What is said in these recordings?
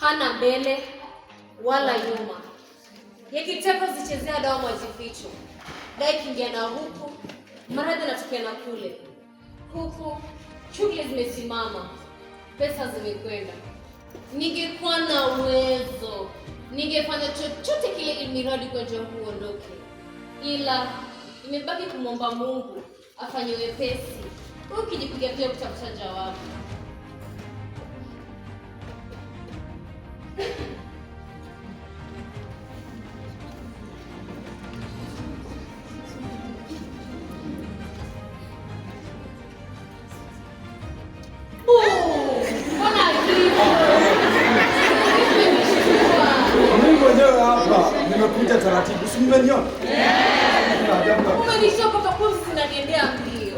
hana mbele wala nyuma, yakitaka zichezea dawa mwazificho, daikiingia na huku maradhi anatokea na kule, huku shughuli zimesimama, pesa zimekwenda. Ningekuwa na uwezo ningefanya chochote kile ili kwa njia huu uondoke, ila imebaki kumwomba Mungu afanye wepesi, huku ukijipiga pia kutafuta jawabu. nimekuja taratibu, si mmeniona?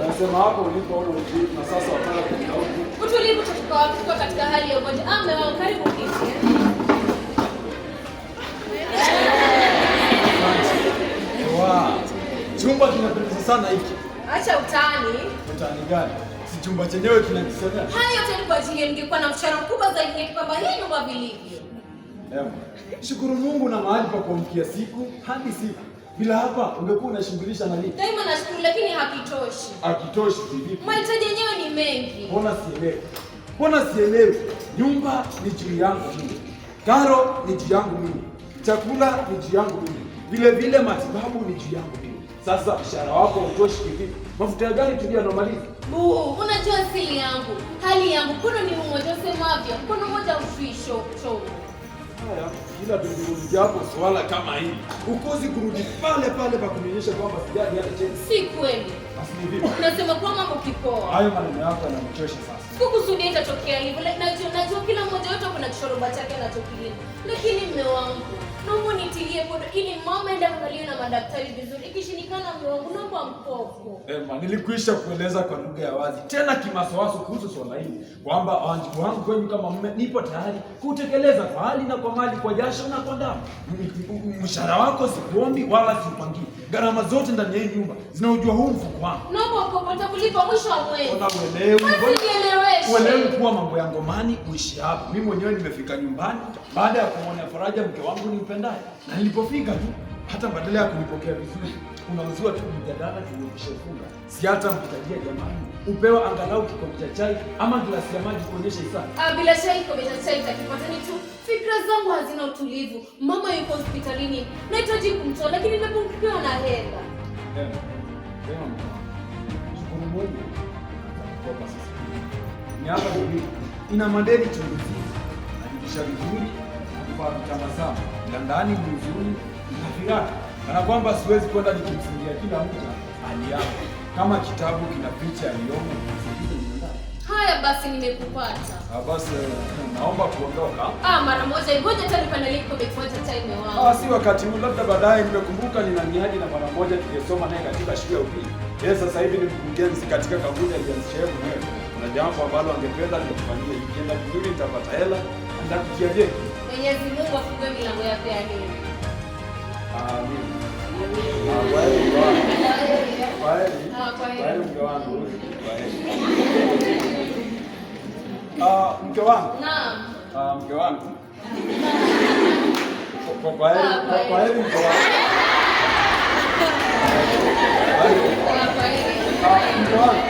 Nasema hapo ulipo na sasa katika hali ya umoja. Ah, karibu eh? chumba kinapendeza sana hiki. Acha utani. Utani gani? Si chumba chenyewe kinajisomea. Haya yote ni kwa ajili ningekuwa na mchana mkubwa zaidi, kwamba hii nyumba vilivyo Shukuru Mungu na mahali pa kuamkia siku hadi siku. Bila hapa ungekuwa unashughulisha na nini? Daima nashukuru lakini hakitoshi. Hakitoshi vipi? Mahitaji yenyewe ni mengi. Mbona sielewi? Mbona sielewi? Nyumba ni juu yangu mimi. Karo ni juu yangu mimi. Chakula ni juu yangu mimi. Vile vile matibabu ni juu yangu mimi. Sasa mshahara wako utoshi vipi? Mafuta ya gari tulia normalize. Buu, unajua asili yangu. Hali yangu, kuno ni mmoja usemavyo. Mkono moja ufisho, choo. Haya, kila tukizungumzia hapo swala kama hili ukozi kurudi pale pale pa kunionyesha kwamba sijali hata cheni. Si kweli. Basi ni vipi? Unasema kwa mambo kipoa. Hayo maneno yako yanamchosha sasa. Sikukusudia itatokea hivyo. Najua najua kila mmoja wetu kuna kichoroba chake anachokilima. Lakini mme wangu, naomba nitilie kodo ili mama enda angaliwe na madaktari vizuri, ikishindikana mme wangu naomba mkopo. Ema, nilikuisha kueleza kwa lugha ya wazi tena kimasowaso kuhusu swala hili kwamba wajibu wangu kwenu kama mme nipo tayari kutekeleza kwa hali na kwa mali, kwa jasho na kwa damu. Mshahara wako sikuombi wala siupangii, gharama zote ndani ya hii nyumba zinaujua huu mfuko wangu. Naomba mkopo nitakulipa mwisho wa mwezi. Unaelewi? Uelewi kuwa mambo ya ngomani uishi hapo. Mimi mwenyewe nimefika nyumbani baada ya kumwonea Faraja, mke wangu nimpendaye, na nilipofika tu hata badala ya kunipokea vizuri unauziwa tu mjadala tuliokishafunga. Si hata mkitajia jamani, upewa angalau kikombe cha chai ama glasi ya maji kuonyesha isani. Ah, bila chai kikombe cha chai takipatani tu. Fikra zangu hazina utulivu, mama yuko hospitalini, nahitaji kumtoa lakini nimepungukiwa na hela. Eh, eh, Shukuru Mungu, ina madeni tu kujirekebisha vizuri kwa mtabasamu na ndani ni uzuri utavirata, kana kwamba siwezi kwenda nikimfungia kila mtu hali kama kitabu kina picha yaliyomo. Haya basi, nimekupata. Ah, basi eh, naomba kuondoka. Ah, mara moja, ngoja tena nipande liko before time wao. Ah, si wakati huu, labda baadaye. Nimekumbuka nina miadi na mara moja tulisoma naye katika shule ya upili. Yeye sasa hivi ni mkurugenzi katika kampuni ya Jansi Shehu. Kuna jambo ambalo angependa nikufanyie, ikienda vizuri nitapata hela Nitakukiaje? Mwenyezi Mungu afungue milango yako ya heri. Amen. Mke wangu, mke wangu, kwa heri ah, mke wangu.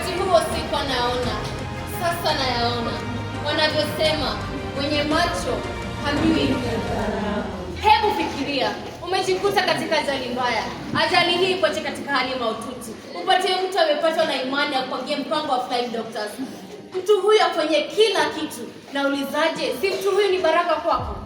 Wakati huo sikuwa naona, sasa nayaona. Wanavyosema wenye macho hamjui. Hebu fikiria, umejikuta katika ajali mbaya. Ajali hii ipote katika hali mahututi, upatie mtu amepatwa na imani ya kupangia mpango wa Five Doctors mtu huyo kwenye kila kitu. Naulizaje, si mtu huyu ni baraka kwako?